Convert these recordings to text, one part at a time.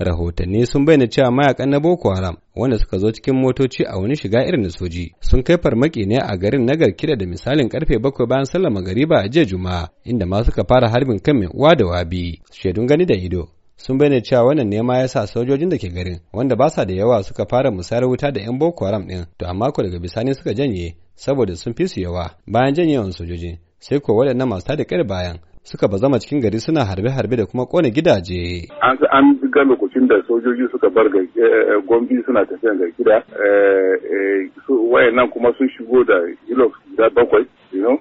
rahotanni sun bayyana cewa mayakan na boko haram wanda suka zo cikin motoci a wani shiga irin na soji sun kai farmaki ne a garin nagar kida da misalin karfe bakwai bayan sallar magariba a jiya juma'a inda ma suka fara harbin kan mai uwa da wabi shaidun gani da ido sun bayyana cewa wannan nema ya sa sojojin da ke garin wanda ba sa da yawa suka fara musayar wuta da 'yan boko haram din to amma ko daga bisani suka janye saboda sun fi su yawa bayan janye janyewan sojojin sai ko waɗannan masu tada kar bayan suka bazama cikin gari suna harbe-harbe da kuma kone gidaje. An ga lokacin da sojoji suka bar eh, eh, gombi suna tafiya ga gida, eh, wayannan kuma sun shigo da ilox guda bakwai, hmm.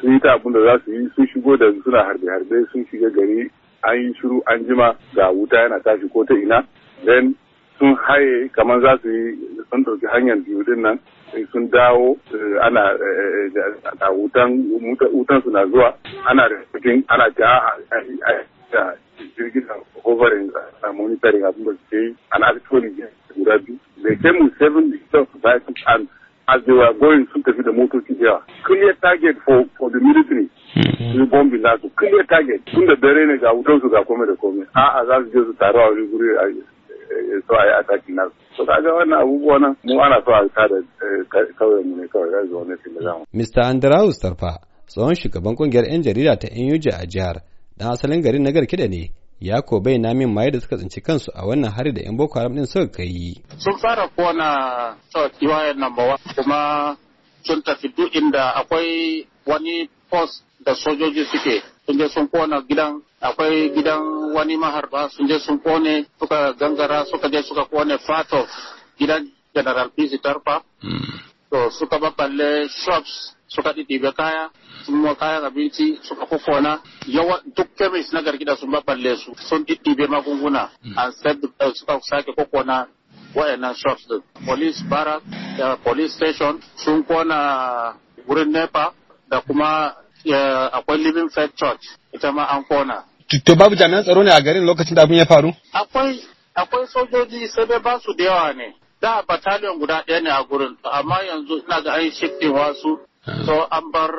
sun yi ta abin da za su yi sun shigo da suna harbe-harbe sun shiga gari an yi shiru an jima ga wuta yana tashi ko ta ina, then sun haye kamar za su yi sun ɗauki hanyar biyu nan Eh, sun dawo eh, ana eh, da wutan su na zuwa ana da cikin ana ja a jirgin hoverin monitoring abin da suke yi ana alkoli guda biyu da ke mu seven itself by and as they were going sun tafi da motoci yawa clear target for for the military sun hmm. bombi na su clear target tun da dare ne ga wutan su ga kome da kome. a'a za su je su taru a wani guri so a yi ataki nasu So ga wannan abubuwa nan mu ana so a da eh, kauyen mu ne kawai ga zuwa ne da zamu. Mr. Andrews Tarfa tsohon shugaban kungiyar 'yan jarida ta NUJ a jihar dan asalin garin na Garkida ne ya ko bai na min maye da suka tsinci kansu a wannan hari da 'yan Boko Haram din suka kai. yi. Sun fara kona sauki wayar number wa kuma sun tafi duk inda akwai wani post da sojoji suke sun je sun kona gidan akwai gidan wani maharba sun je sun kone suka gangara suka je suka kone fato gidan general bisi tarfa hmm. to suka shops suka ɗiɗɗiɓe kaya sun mo kayan abinci suka kukona yawa duk kemis na gargida sun babballe su sun ɗiɗɗiɓe magunguna hmm. a uh, suka sake kukona wayannan shops din police barrack da uh, police station sun kona wurin nepa da kuma uh, akwai living faith church ita ma an kona to babu jami'an tsaro ne a garin lokacin da abin ya faru akwai akwai sojoji sai dai ba su da yawa ne da battalion guda ɗaya ne a gurin amma yanzu ina ga an shifting wasu ah. so an bar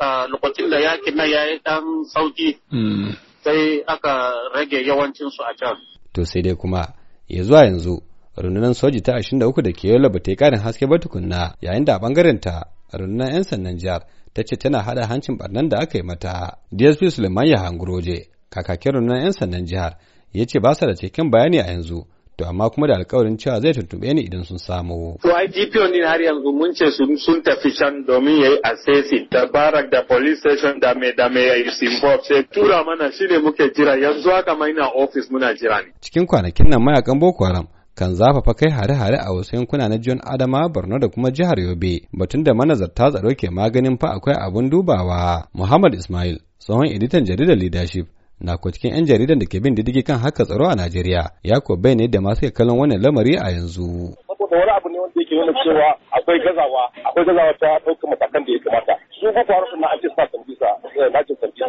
ah, lokacin da yakin nan yayi dan sauki hmm. sai aka rage yawancin su a can to sai dai kuma ya zuwa yanzu rundunar soji ta 23 da ke yola ba ta yi karin haske ba tukunna yayin da a bangaren ta rundunar 'yan sannan jihar ta ce tana hada hancin barnan da aka yi mata dsp suleiman ya hanguroje. kakakin rundunar 'yan sandan jihar ya ce ba sa da cikin bayani a yanzu to amma kuma da alkawarin cewa zai tuntuɓe ni idan sun samu. To IGP din har yanzu mun ce sun tafi can domin yayi assessing da barak da police station da me da me is involved sai tura mana shine muke jira yanzu haka mai na office muna jira ne. Cikin kwanakin nan mayakan Boko Haram kan zafafa kai hare-hare a wasu yankuna na John Adama Borno da kuma jihar Yobe batun da manazarta tsaro ke maganin fa akwai abun dubawa. Muhammad Ismail tsohon editan jaridar leadership na ko cikin 'yan jaridan da ke bin diddigi kan haka tsaro a Najeriya ya ko bai ne da masu kallon wannan lamari a yanzu. Saboda wani abu ne wanda yake nuna cewa akwai gazawa akwai gazawa ta ɗaukar matakan da ya kamata. Su ba faru suna ake sa tambisa eh, na ce tambisa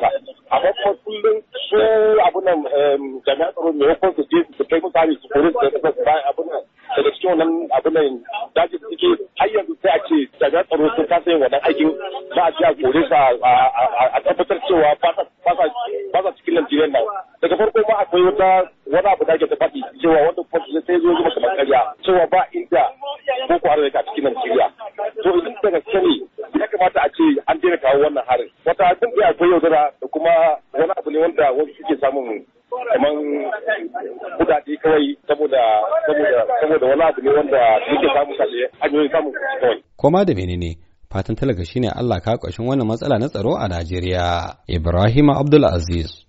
amma kuma kullum su abu nan jami'an tsaro ne ko su je su kai mutane su kore su da su bayan abu nan daga cikin wannan abu nan daji suke har yanzu sai a ce jami'an tsaro sun kasa yin wannan aikin za a ce a kore sa a tabbatar cewa ba sa cikin Najeriya nan. Daga farko ma akwai wata wani abu da ke ta faɗi cewa wanda kuma su sai zo zuma kamar karya cewa ba inda ko ko har ka cikin Najeriya. To idan da gaske ne ya kamata a ce an daina kawo wannan harin. Wata abin da akwai yau da kuma wani abu ne wanda wasu suke samun kamar kudade kawai saboda saboda saboda wani abu ne wanda suke samun kalle hanyoyin samun kawai. Koma da menene fatan talaka shine Allah ka ƙwashin wannan matsala na tsaro a Najeriya. Ibrahim Abdul Aziz